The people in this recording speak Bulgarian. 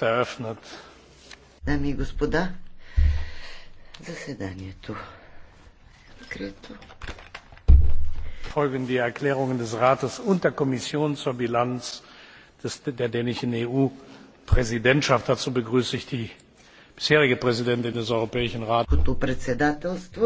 Дами и господа, заседанието е открито. Folgen die Erklärungen des Rates und der Kommission zur Bilanz des, der dänischen EU-Präsidentschaft. Dazu begrüße ich die bisherige Präsidentin des Europäischen Rates.